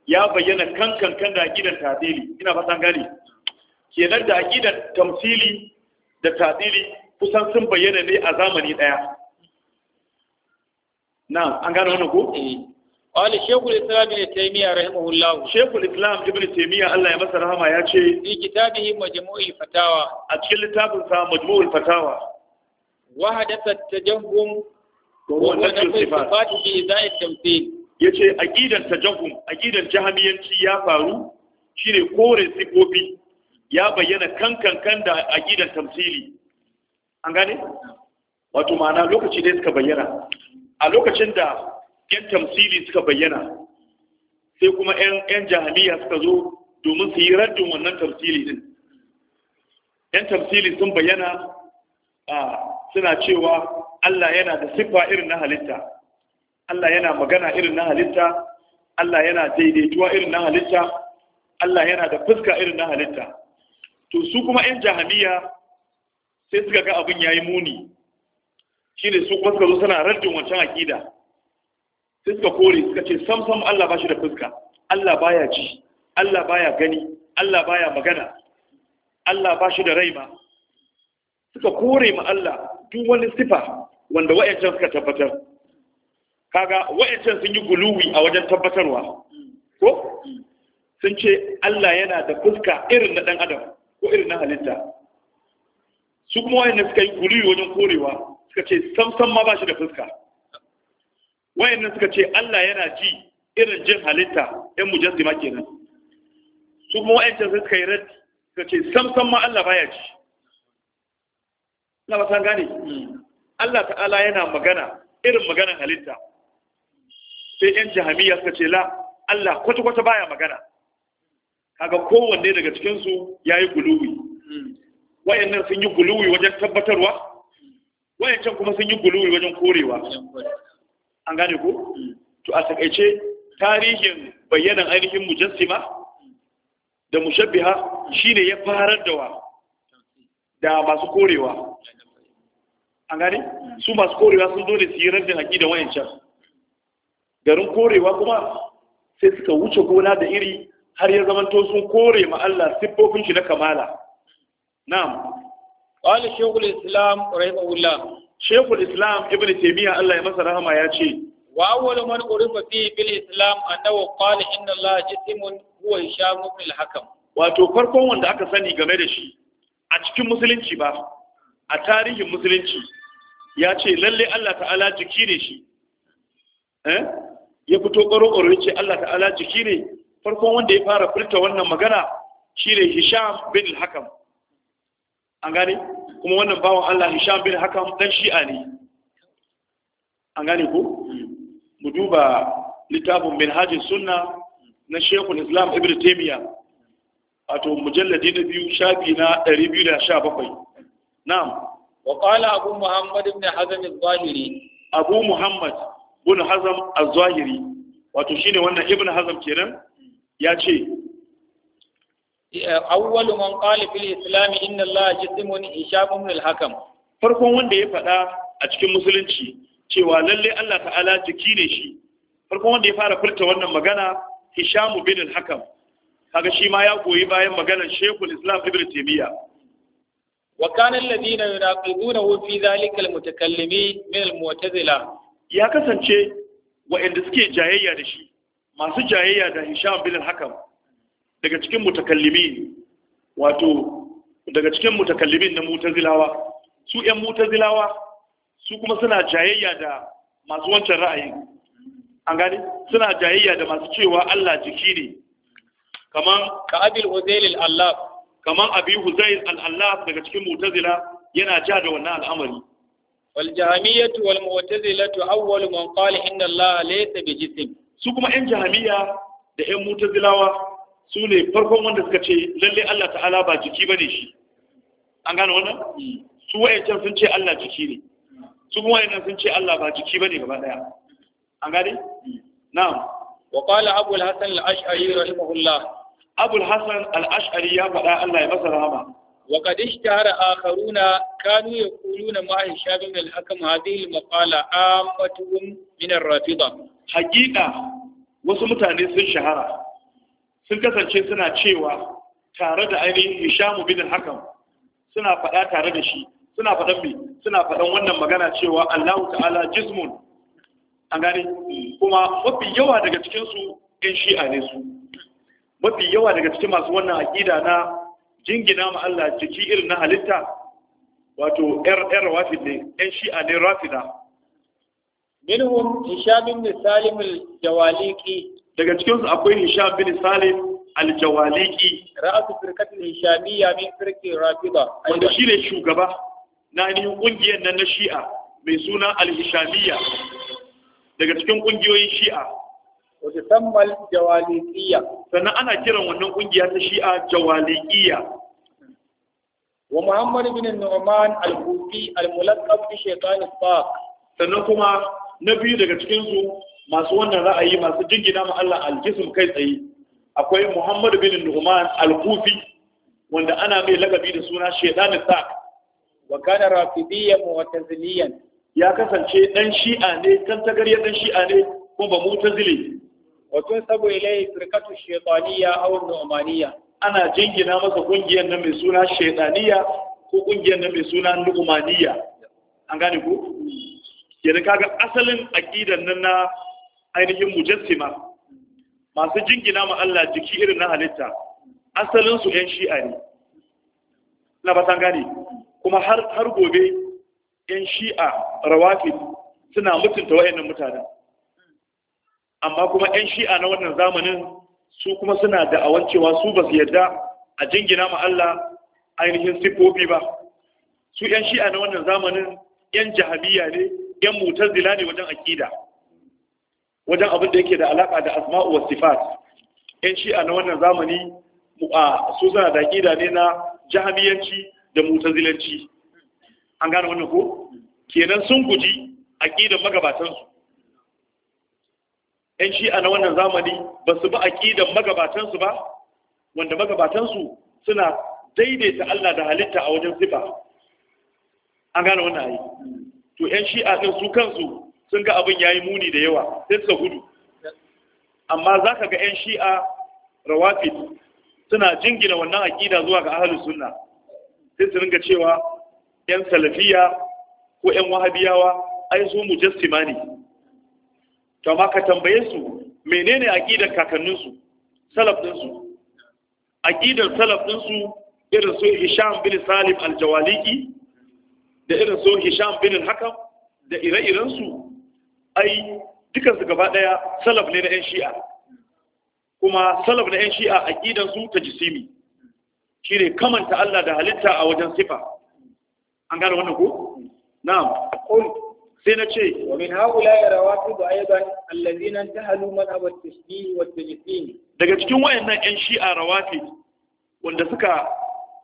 ya bayyana kan kankan da aƙidar tadili ina fatan gani kenan da aƙidar tamsili da tadili kusan sun bayyana ne a zamani ɗaya Na an gano wannan ko wani eh. shekul islam ne ibn taymiya rahimahullah shekul islam ibn taymiya Allah ya masa rahama ya ce fi kitabihi majmu'ul fatawa a cikin littafin sa majmu'ul fatawa wa hadatha tajahhum wannan sifat bi zai tamthil yace aqidan tajahum aqidan jahamiyanci ya faru shine kore sifofi ya bayyana kankankan kan da aqidan tamthili an gane wato ma'ana lokaci ne suka bayyana a lokacin da yan tamthili suka bayyana sai kuma yan jahamiya suka zo domin su yi raddin wannan tamthili din yan tamthili sun bayyana suna cewa Allah yana da siffa irin na halitta Allah yana magana irin na halitta Allah yana daidaituwa irin na halitta Allah yana da fuska irin na halitta to su kuma yan jahamiya sai suka ga abin yayi muni ne su kuma suka zo suna raddin wancan akida sai suka kore suka ce sam sam Allah ba shi da fuska Allah baya ji Allah baya gani Allah baya magana Allah ba shi da rai ma suka kore ma Allah duk wani sifa wanda wa'ancan suka tabbatar kaga wa'ancan sun yi guluwi a wajen tabbatarwa ko sun ce Allah yana da fuska irin na dan adam ko irin na halitta su kuma wa'annan suka yi guluwi wajen korewa suka ce samsam ma ba shi da fuska wa'annan suka ce Allah yana ji irin jin halitta yan mujassima kenan su kuma wa'ancan suka yi raddi suka ce samsam ma Allah baya ji na ba san gane Allah ta'ala yana magana irin maganar halitta sai yan jahamiya suka ce la Allah kwata kwata baya magana kaga kowanne daga cikin su yi guluwi wayannan sun yi guluwi wajen tabbatarwa wayancan kuma sun yi guluwi wajen korewa an gane ko to a takaice tarihin bayyanan ainihin mujassima da mushabbiha shine ya farar da wa da masu korewa an gani? su masu korewa sun zo da su yi haƙi da wayancan garin korewa kuma sai suka wuce gona da iri har ya zamanto sun kore ma Allah siffofin shi na kamala na'am qala shekul islam rahimahullah shekul islam ibn taimiyya Allah ya masa rahama ya ce wa wani man urifa fi bil islam nawa qala inna Allah jismun huwa hisham sha al-hakam wato farkon wanda aka sani game da shi a cikin musulunci ba a tarihin musulunci ya ce lalle Allah ta'ala jiki ne shi eh? ya fito ƙwaro-ƙwaro ya ce Allah ta'ala jiki ne farkon wanda ya fara furta wannan magana shi ne hisham bin hakam an gane kuma wannan bawan Allah hisham bin hakam ɗan shi'a ne an gane ko mu duba littafin minhajin sunna na shekul islam ibn taymiyyah wato mujalladi na biyu shafi na 217 na'am wa qala abu muhammad ibn hazm az-zahiri abu muhammad ibn hazm az-zahiri wato shine wannan ibn hazm kenan ya ce eh, awwalu man qala fil islam inna allaha jismun hisham ibn al-hakam farkon wanda ya faɗa a cikin musulunci cewa lalle Allah ta'ala jiki ne shi farkon wanda ya fara furta wannan magana hisham bin al-hakam kaga shi ma ya goyi bayan maganar shekul islam ibn taymiya wa kana alladhina yunaqidunahu fi dhalika almutakallimi min almu'tazila ya kasance wa'anda suke jayayya da shi masu jayayya da hisham bin al-hakam daga cikin mutakallimi wato daga cikin mutakallimin na mutazilawa su ƴan mutazilawa su kuma suna jayayya da masu wancan ra'ayin an gani suna jayayya da masu cewa Allah jiki ne kaman ka'abil huzail al-allaf kaman abi huzail al-allaf daga cikin mu'tazila yana ja da wannan al'amari wal jahamiyatu wal mu'tazilatu awwal man qala inna allaha laysa bi jism su kuma yan jahamiya da yan mu'tazilawa su ne farkon wanda suka ce lalle Allah ta'ala ba jiki bane shi an gane wannan su wayancan sun ce Allah jiki ne su kuma wayannan sun ce Allah ba jiki bane gaba daya an gane na'am وقال أبو الحسن الأشعري رحمه الله abul hasan al-ash'ari ya faɗa Allah ya masa rahama wa qad ishtahara akharuna kanu yaquluna ma hisha bin al-hakam hadhihi al-maqala hakika wasu mutane sun shahara sun kasance suna cewa tare da ainihin hisham bin na hakam suna faɗa tare da shi suna faɗan wannan magana cewa Allahu ta'ala jismun an kuma mafi yawa daga cikin su in shi'a ne su mafi yawa daga cikin masu wannan aƙida na jingina ma Allah jiki irin na halitta wato 'yar ƴar rafid ne ƴan shi'a ne rafida minhum hisham bin salim al-jawaliki daga cikin su akwai hisham bin salim al-jawaliki ra'su firqatin hishamiyya min firqi rafida wanda shi ne shugaba na ainihin kungiyar nan na shi'a mai suna al-hishamiyya daga cikin kungiyoyin shi'a wata sammal jawalikiya sannan ana kiran wannan kungiya ta shi'a jawaliyya wa muhammad bin nu'man al-kufi al mulaqab bi shaytan al-faq sannan kuma na biyu daga cikin su masu wannan ra'ayi masu jingina ma Allah al-jism kai tsaye akwai muhammad bin nu'man al-kufi wanda ana mai lakabi da suna shaytan al-faq wa kana rafidiyyan tazliyan ya kasance dan shi'a ne kan tagaryar dan shi'a ne kuma ba mutazili wa tunsabu ilayhi firqatu shaytaniyya aw nu'maniyya ana jingina masa kungiyar nan mai suna shaytaniyya ko kungiyar nan mai suna nu'umaniya. an gane ko yanzu kaga asalin aqidan nan na ainihin mujassima masu jingina ma Allah jiki irin na halitta asalin su yan shi'a ne na fatan gane kuma har har gobe yan shi'a rawafid suna mutunta wayannan mutanen amma kuma 'yan shi'a na wannan zamanin su kuma suna da'awan cewa su ba su yarda a jingina ma Allah ainihin sifofi ba su 'yan shi'a na wannan zamanin 'yan jahabiya ne 'yan zila ne wajen akida wajen abin da yake da alaka da asma'u wa sifat 'yan shi'a na wannan zamani su suna da akida ne na jahabiyanci da zilanci an gane wannan ko kenan sun guji akidar magabatansu yan shi'a na wannan zamani ba su bi ƙidan magabatansu ba wanda magabatansu suna daidaita Allah da halitta a wajen sifa an gane wannan ayi to yan shi'a ɗin su kansu sun ga abin ya yi muni da yawa sai su gudu amma za ka ga yan shi'a rawafit suna jingina wannan aƙida zuwa ga ahalus sunna sai su ringa cewa yan salafiya ko yan wahabiyawa ai su mujassima ne to amma ka tambaye su menene aqidar kakanninsu salaf dinsu aqidar salaf dinsu irin su Hisham bin Salim al-Jawaliki da irin su Hisham bin Hakam da ire-iren su ai dukan su gaba daya salaf ne na ƴan Shi'a kuma salaf na yan Shi'a aqidar su ta jisimi shine kamanta Allah da halitta a wajen sifa an gane wannan ko na'am sai na ce wa min haula ya rawatu da aidan allazina tahalu man at tisbi wa at daga cikin wayannan 'yan shi'a rawati wanda suka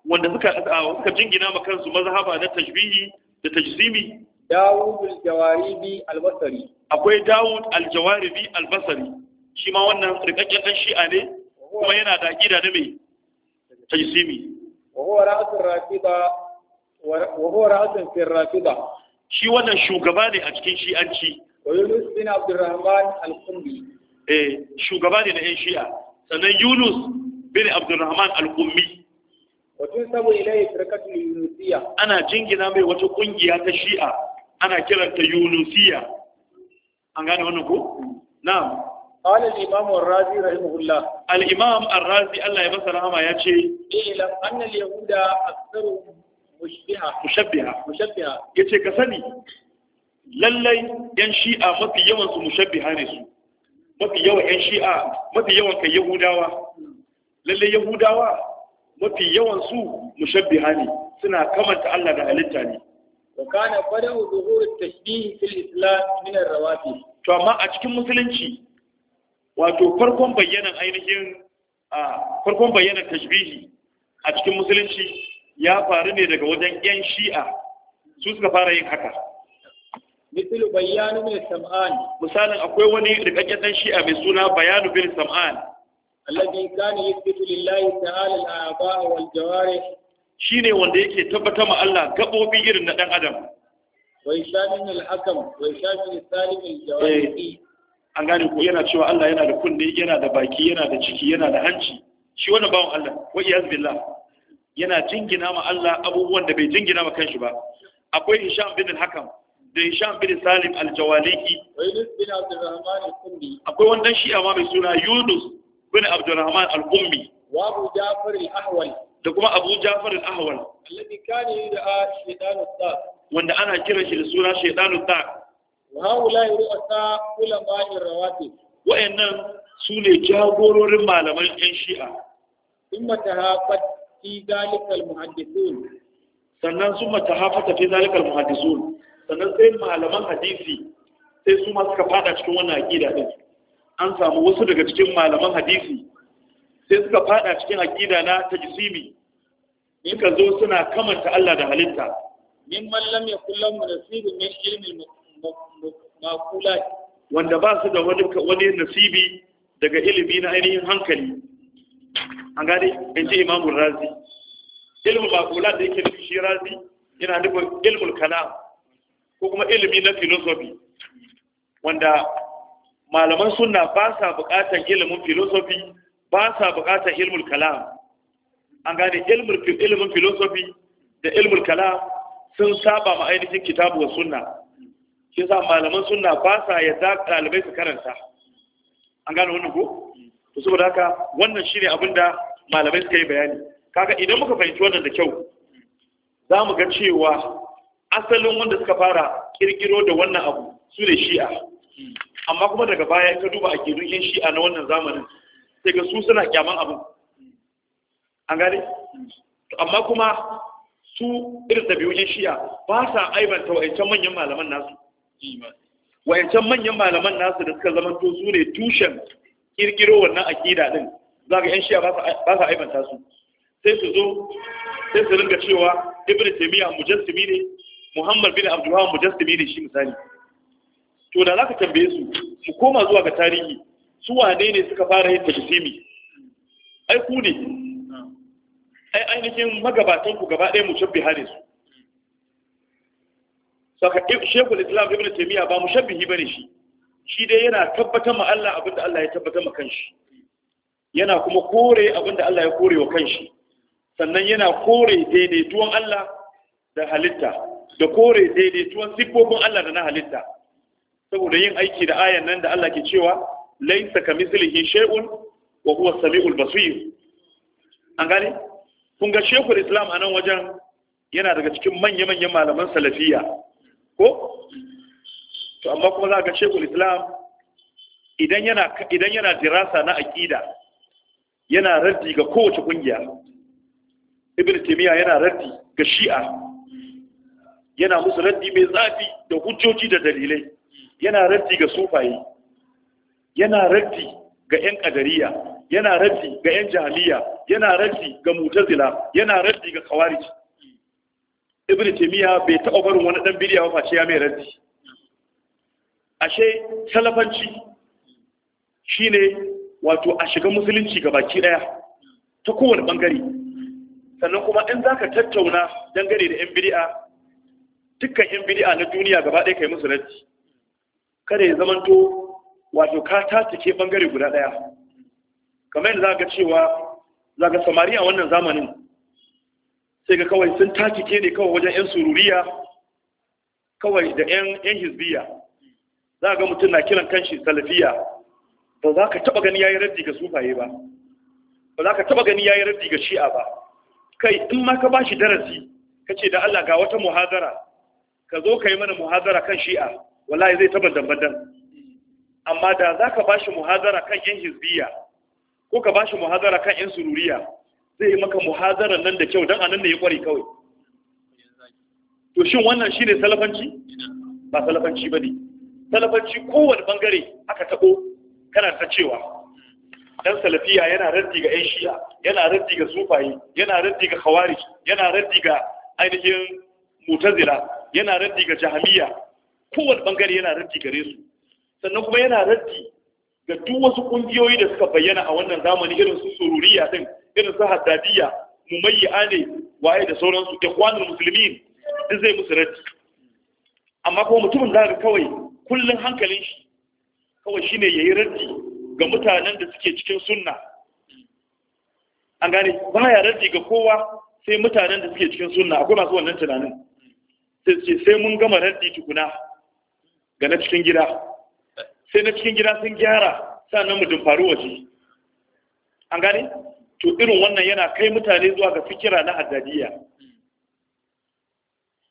wanda suka suka jingina ma kansu mazhaba na tashbihi da tajsimi Dawud al-Jawaribi al-Basri akwai Dawud al-Jawaribi al-Basri shi ma wannan rikakken dan shi'a ne kuma yana da aqida na mai tajsimi wa huwa ra'atul rafida wa huwa ra'atun fi rafida shi wannan shugaba ne a cikin shi'anci Yunus bin Abdurrahman al-Qummi eh shugaba ne na yan shi'a sannan Yunus bin Abdurrahman al-Qummi Wajen sabo ilai firqatu Yunusiya ana jingina mai wata kungiya ta shi'a ana kiranta Yunusiya an gane wannan ko na'am قال الإمام الرازي رحمه الله الإمام الرازي الله يبصر هما يأتي إعلم أن اليهود أكثرهم mushabbiha mushabbiha yace ka sani lallai yan shi'a mafi yawan su mushabbiha ne su mafi yawan yan shi'a mafi yawan kai yahudawa lallai yahudawa mafi yawan su mushabbiha ne suna kamanta Allah da halitta ne wa kana fadahu zuhur at-tashbih fil islam min ar-rawafid to amma a cikin musulunci wato farkon bayyanan ainihin a farkon bayyanan tashbihi a cikin musulunci ya faru ne daga wajen yan shi'a su suka fara yin haka mithlu bayanu bin sam'an misalin akwai wani rikakken dan shi'a mai suna bayanu bin sam'an alladhi kana yuthbitu lillahi ta'ala al-a'dha wal jawari shine wanda yake tabbatar ma Allah gabobi irin na dan adam wai shamin al-hakam wai shamin salim al-jawarih eh, an gane ko yana cewa Allah yana da kunne yana da baki yana da ciki yana da hanci shi wannan bawon Allah wa iyaz billah yana jingina ma Allah abubuwan da bai jingina ma kanshi ba akwai Hisham bin al-Hakam da Hisham bin Salim al-Jawaliki akwai wannan shi'a ma mai suna Yunus bin Abdurrahman al-Ummi wa Abu Ja'far al-Ahwal da kuma Abu Ja'far al-Ahwal alladhi kana yud'a shaytan al-Taq wanda ana kira shi da suna shaytan al-Taq wa haula ru'asa ulama'i rawatib wa'annan su ne jagororin malaman 'yan shi'a in mata fi zalikal muhaddisun sannan su mata hafata fi zalikal muhaddisun sannan sai malaman hadisi sai su ma suka fada cikin wannan aqida din an samu wasu daga cikin malaman hadisi sai suka fada cikin aqida na tajsimi in ka zo suna kamanta Allah da halitta min man lam yakul lahu nasibun min ilmi maqulat wanda ba su da wani nasibi daga ilimi na ainihin hankali an gane in ji imamun razi ilmu makula da yake nufi shi razi yana nufin ilmul kalam ko kuma ilimi na filosofi wanda malaman sunna ba sa buƙatar ilimin filosofi ba sa buƙatar ilmul kalam an gane ilimin filosofi da ilmul kalam sun saba ma ainihin kitabu wa sunna shi sa malaman sunna ba sa yadda ɗalibai su karanta an gane wannan ko to saboda haka wannan shine abin da malamai suka yi bayani kaga idan muka fahimci wannan da kyau za mu ga cewa asalin wanda suka fara kirkiro da wannan abu su ne shi'a amma kuma daga baya ka duba a kirkirin shi'a na wannan zamanin sai ga su suna kyaman abin an gane amma kuma su irin biyoyin shi'a ba sa aibanta wa'ancan manyan malaman nasu wa'ancan manyan malaman nasu da suka zama to su ne tushen kirkiro wannan akida din za ga 'yan shiya ba sa aibanta su sai su zo sai su ringa cewa ibn taymiya mujassimi ne muhammad bin abdullah mujassimi ne shi misali to da zaka tambaye su mu koma zuwa ga tarihi su wane ne suka fara yin tajsimi ai ku ne ai ainihin magabatan ku gaba ɗaya mushabbiha hare su saka shekul islam ibn taymiya ba ba bane shi shi dai yana tabbatar ma Allah abinda Allah ya tabbatar ma kanshi yana kuma kore abinda Allah ya kore wa kanshi sannan yana kore daidaituwan Allah da halitta da kore daidaituwan siffofin Allah da na halitta saboda yin aiki da ayan nan da Allah ke cewa laysa kamithlihi shay'un wa huwa samiul basir an gane kun ga shekul islam a nan wajen yana daga cikin manya-manyan malaman salafiya ko to amma kuma za ka shekul islam idan yana dirasa na aƙida yana raddi ga kowace ƙungiya ibn timiya yana raddi ga shi'a yana musu raddi mai zafi da hujjoji da dalilai yana raddi ga sufaye yana raddi ga yan ƙadariya yana raddi ga yan jahiliya yana raddi ga mutazila yana raddi ga kawarici ibn timiya bai taɓa barin wani ɗan biliya ba face ya mai raddi ashe salafanci shine wato a shiga musulunci ga baki daya ta kowane bangare sannan kuma in zaka tattauna dangane da yan bid'a dukkan yan bid'a na duniya gaba ɗaya kai musu musulunci. kada ya zamanto wato ka tatake bangare guda daya kamar yadda zaka cewa zaka samari a wannan zamanin sai ga kawai sun ke ne kawai wajen yan sururiya kawai da yan yan hizbiya za ga mutum na kiran kanshi salafiya ba za ka taba gani yayi raddi ga sufaye ba ba za ka taba gani yayi raddi ga shi'a ba kai in ma ka bashi darasi ka ce da Allah ga wata muhazara ka zo ka yi mana muhazara kan shi'a wallahi zai taba dambadan amma da za ka bashi muhazara kan yan hizbiya ko ka bashi muhazara kan yan sururiya zai yi maka muhazarar nan da kyau don a nan ya kware kawai to shin wannan shine salafanci ba salafanci ba ne salafanci kowane bangare aka taɓo kana ta cewa ɗan salafiya yana raddi ga yan shi'a yana raddi ga sufayi yana raddi ga khawarij yana raddi ga ainihin mutazila yana raddi ga jahamiya kowane bangare yana raddi gare su sannan kuma yana raddi ga duk wasu kungiyoyi da suka bayyana a wannan zamani irin su sururiya din irin su haddadiya mumayya ne waye da sauransu ikhwanul muslimin duk zai musu raddi amma kuma mutumin da kawai kullum hankalin shi kawai shine yayi raddi ga mutanen da suke cikin sunna an gane ya raddi ga kowa sai mutanen da suke cikin sunna akwai masu wannan tunanin sai ce sai mun gama raddi tukuna ga na cikin gida sai na cikin gida sun gyara sannan mu dumfari waje an gane to irin wannan yana kai mutane zuwa ga fikira na haddadiya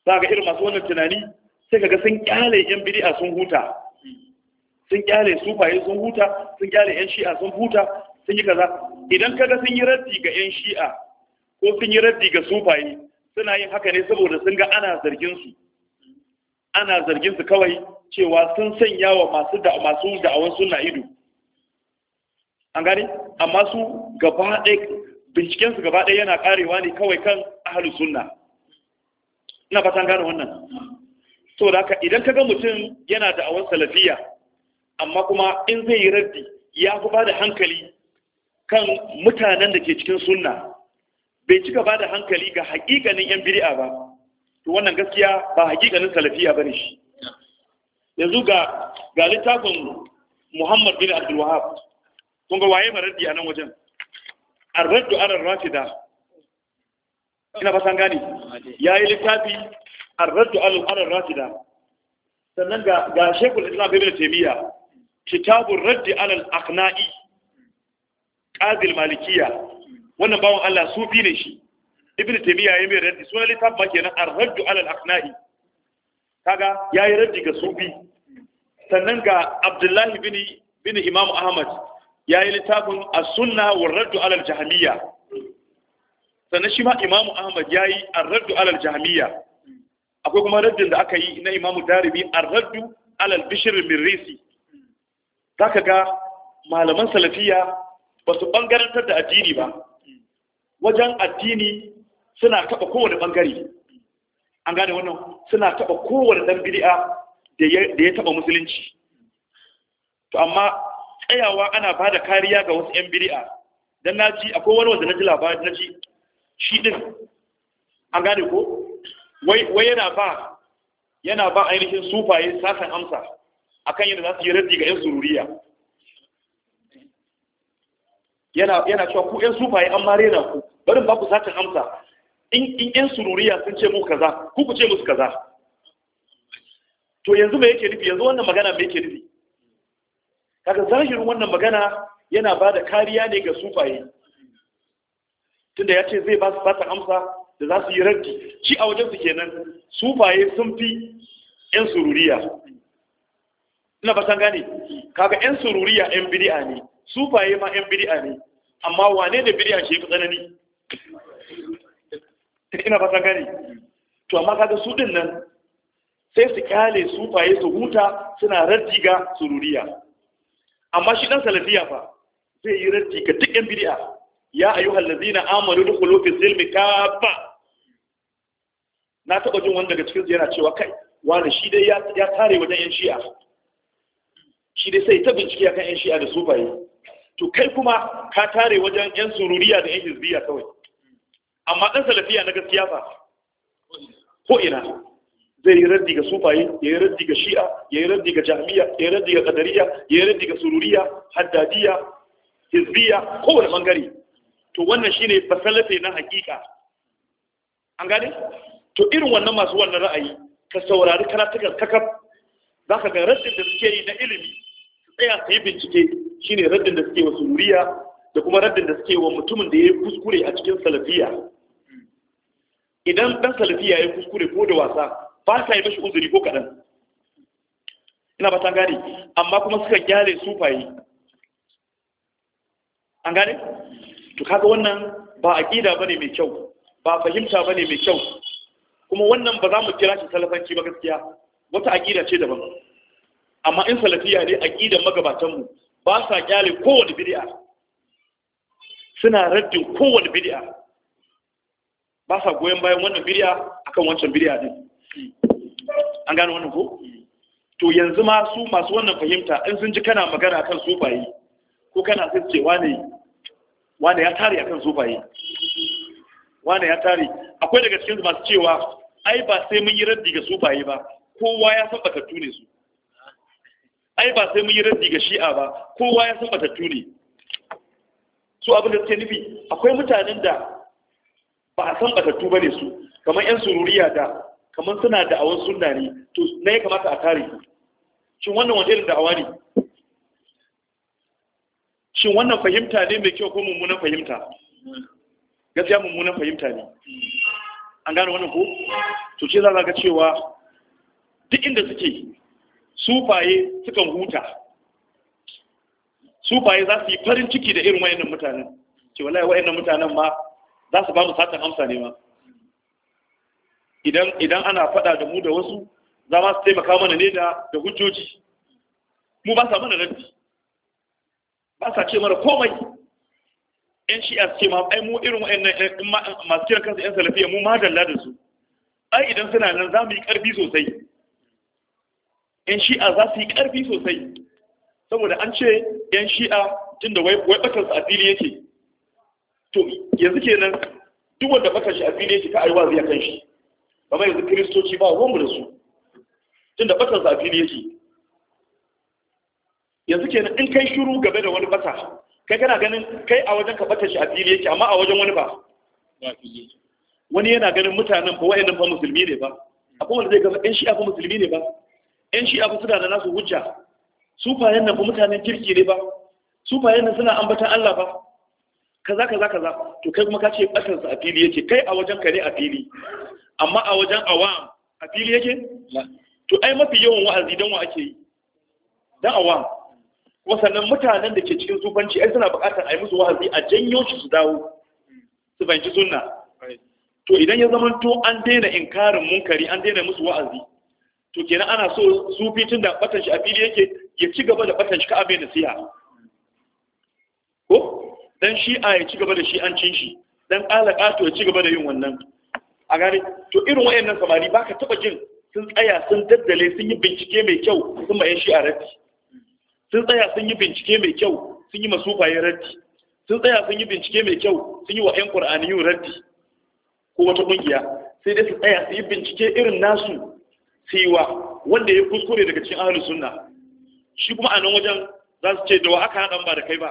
za ga irin masu wannan tunani sai kaga sun kyale yan bid'a sun huta sun kyale sufaye sun huta sun kyale yan shi'a sun huta sun yi kaza idan kaga sun yi raddi ga yan shi'a ko sun yi raddi ga sufaye suna yin haka ne saboda sun ga ana zargin su ana zargin su kawai cewa sun sanya wa masu da masu da'awan sunna ido an gani? amma su gaba ɗaya binciken su gaba ɗaya yana karewa ne kawai kan ahlus sunna ina fatan gane wannan so da haka idan kaga mutum yana da awon salafiya amma kuma in zai yi raddi ya fi ba da hankali kan mutanen da ke cikin sunna bai cika ba da hankali ga hakikanin yan bid'a ba to wannan gaskiya ba hakikanin salafiya ne shi yanzu ga ga littafin Muhammad bin Abdul wahab kun ga waye maraddi a nan wajen arraddu arar rafida ina ba san gani yayi littafi ar-raddu al rafida sannan ga ga shekul islam ibn taymiya kitabur raddi alal aqna'i qadil malikiya wannan bawon Allah sufi ne shi ibn taymiya ya mai raddi Suna littafin ma kenan ar-raddu alal aqna'i kaga yayi raddi ga sufi sannan ga abdullahi bin imam ahmad ya yi littafin as-sunna war raddu alal jahmiya sannan shi ma imam ahmad yayi ar-raddu alal jahmiya akwai kuma raddin da aka yi na imamu daribi a raddu alal bishir risi za ka ga malaman salafiya ba su ɓangarantar da addini ba wajen addini suna taɓa kowane ɓangare an gane wannan suna taɓa kowane ɗan bidi'a da ya taɓa musulunci to amma tsayawa ana ba da kariya ga wasu 'yan bidi'a don na ji akwai wani wanda na ji labarin na ji shi ɗin an gane ko wai yana ba yana ba ainihin sufaye sasan amsa akan yadda za su yi raddi ga 'yan sururiya yana cewa ku 'yan sufaye an mare na ku barin ba ku sasan amsa in 'yan sururiya sun ce mu kaza ku ku ce musu kaza to yanzu me yake nufi yanzu wannan magana me yake nufi kaga zahirin wannan magana yana ba da kariya ne ga sufaye tunda ya ce zai ba su sasan amsa da za su yi raddi shi a wajen su kenan sufaye sun fi 'yan sururiya ina ba san gane kaga 'yan sururiya 'yan bidi'a ne sufaye ma 'yan bidi'a ne amma wane da bidi'a shi fi tsanani (laughs) ina ba san gane to amma kaga su din nan sai su kyale sufaye su huta suna raddi ga sururiya amma shi dan salafiya fa zai yi raddi ga duk 'yan bidi'a ya ayyuhal ladzina amanu dukhulu fi silmi kafa na taba jin wani daga cikin yana cewa kai wani shi dai ya tare wajen yan shi'a shi dai sai ta bincike akan yan shi'a da sufaye to kai kuma ka tare wajen yan sururiya da yan hizbiya kawai amma dan salafiya na gaskiya fa ko ina zai yi raddi ga sufaye ya yi raddi ga shi'a ya yi raddi ga jami'a ya yi raddi ga kadariya ya yi raddi ga sururiya haddadiya hizbiya kowane bangare to wannan shine basalafe na hakika an gane to irin wannan masu wannan ra'ayi ka saurari karatukan kakaf za ka ga raddin da suke yi na ilimi su tsaya su yi bincike shine raddin da suke wa suriya da kuma raddin da suke wa mutumin da ya yi kuskure a cikin salafiya idan dan salafiya ya yi kuskure ko da wasa ba sa yi mashi uzuri ko kaɗan ina ba ta gane amma kuma suka gyare sufaye an gane to kaga wannan ba aqida bane mai kyau ba fahimta bane mai kyau kuma wannan ba za mu kira shi salafanci ba gaskiya wata aqida ce daban amma in salafiya ne aqidan magabatan mu ba sa kyale kowace bid'a suna raddin kowace bid'a ba sa goyon bayan wannan bid'a akan wancan bid'a din an gano wannan ko to yanzu ma su masu wannan fahimta in sun ji kana magana kan sufayi ko kana sai cewa ne wanda ya tare akan zubaye? wanda ya tare akwai daga cikin masu cewa ai ba sai mun yi raddi ga zubaye ba kowa ya san batattu ne su ai ba sai mun yi raddi ga shi'a ba kowa ya san batattu ne su abin da suke nufi akwai mutanen da ba a san batattu ba ne su kamar yan sururiya da kamar suna da'awar sunna ne to na ya kamata a tare shin wannan wani irin da'awa ne shin wannan fahimta ne mai kyau ko mummunan fahimta gaskiya mummunan fahimta ne an gane wannan ko to ce za ka cewa duk inda suke sufaye sukan huta sufaye za su yi farin ciki da irin wayannan mutanen ce wallahi wayannan mutanen ma za su ba mu satan amsa ne ma idan idan ana faɗa da mu da wasu za ma su taimaka mana ne da da hujjoji mu ba sa mana rabbi ba ce mara komai yan shi'a ce ma mu irin eh, masu kiran kansu yan salafiya mu madalla da su ai idan suna nan za mu yi karfi sosai yan shi'a za su yi karfi sosai saboda an ce yan shi'a tun da wai bakansu a fili yake to yanzu ke nan duk wanda bakan a fili yake ka aiwa zai kan shi mai yanzu kiristoci ba ruwanmu da su da bakansu a fili yake yanzu kenan in kai shiru game da wani bata kai kana ganin kai a wajen ka bata shi a fili yake amma a wajen wani ba wani yana ganin mutanen ba wa'annan fa musulmi ne ba hmm. akwai wanda zai gaba in shi abu musulmi ne ba in shi abu suna da nasu hujja su fayan nan fa mutanen kirki ne ba su fayan nan suna ambatan Allah ba kaza kaza kaza to kai kuma ka ce batan sa a fili yake kai a wajen ka ne a fili amma a wajen awam a fili yake to ai mafi yawan wa'azi dan wa ake yi dan awam wasannan mutanen da ke cikin zubanci ai suna buƙatar a yi musu wa'azi a janyo shi su dawo su fahimci sunna to idan ya zama to an daina inkarin munkari an daina musu wa'azi to kenan ana so su fitin da batan shi a fili yake ya ci gaba da batan shi ka abin nasiha ko dan shi'a ya ci gaba da shi an cin shi dan ƙalaƙa to ya ci gaba da yin wannan a gane to irin wayannan samari baka taba jin sun tsaya sun daddale sun yi bincike mai kyau sun ma shi a rafi sun tsaya sun yi bincike mai kyau sun yi masufaye raddi sun tsaya sun yi bincike mai kyau sun yi wa 'yan yin raddi ko wata ƙungiya sai dai su tsaya su yi bincike irin nasu su yi wa wanda ya kuskure daga cikin ahalin sunna shi kuma a nan wajen za su ce da wa aka haɗa ba da kai ba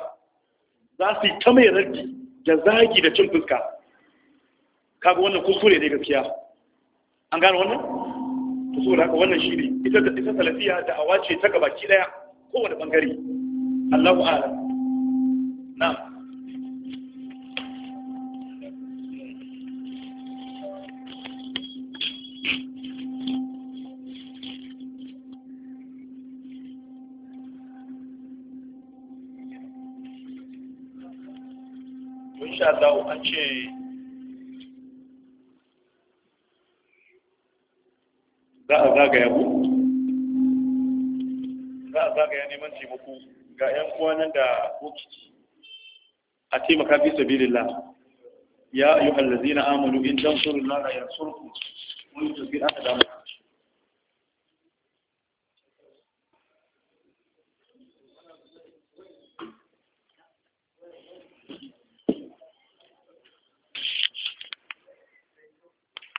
za su yi ta mai raddi da zagi da cin fuska kaga wannan kuskure ne gaskiya an gano wannan to saboda haka wannan shi ne ita da salafiya da awace ta gabaki ɗaya. kowane bangare Allahu a'lam na. Allah an ce za a zagaya ku neman taimako ga 'yan uwanan da bokiti a taimaka fi sabilillah ya ayyuhallazina amanu in tansurullaha yansurkum wa yuthbit aqdamakum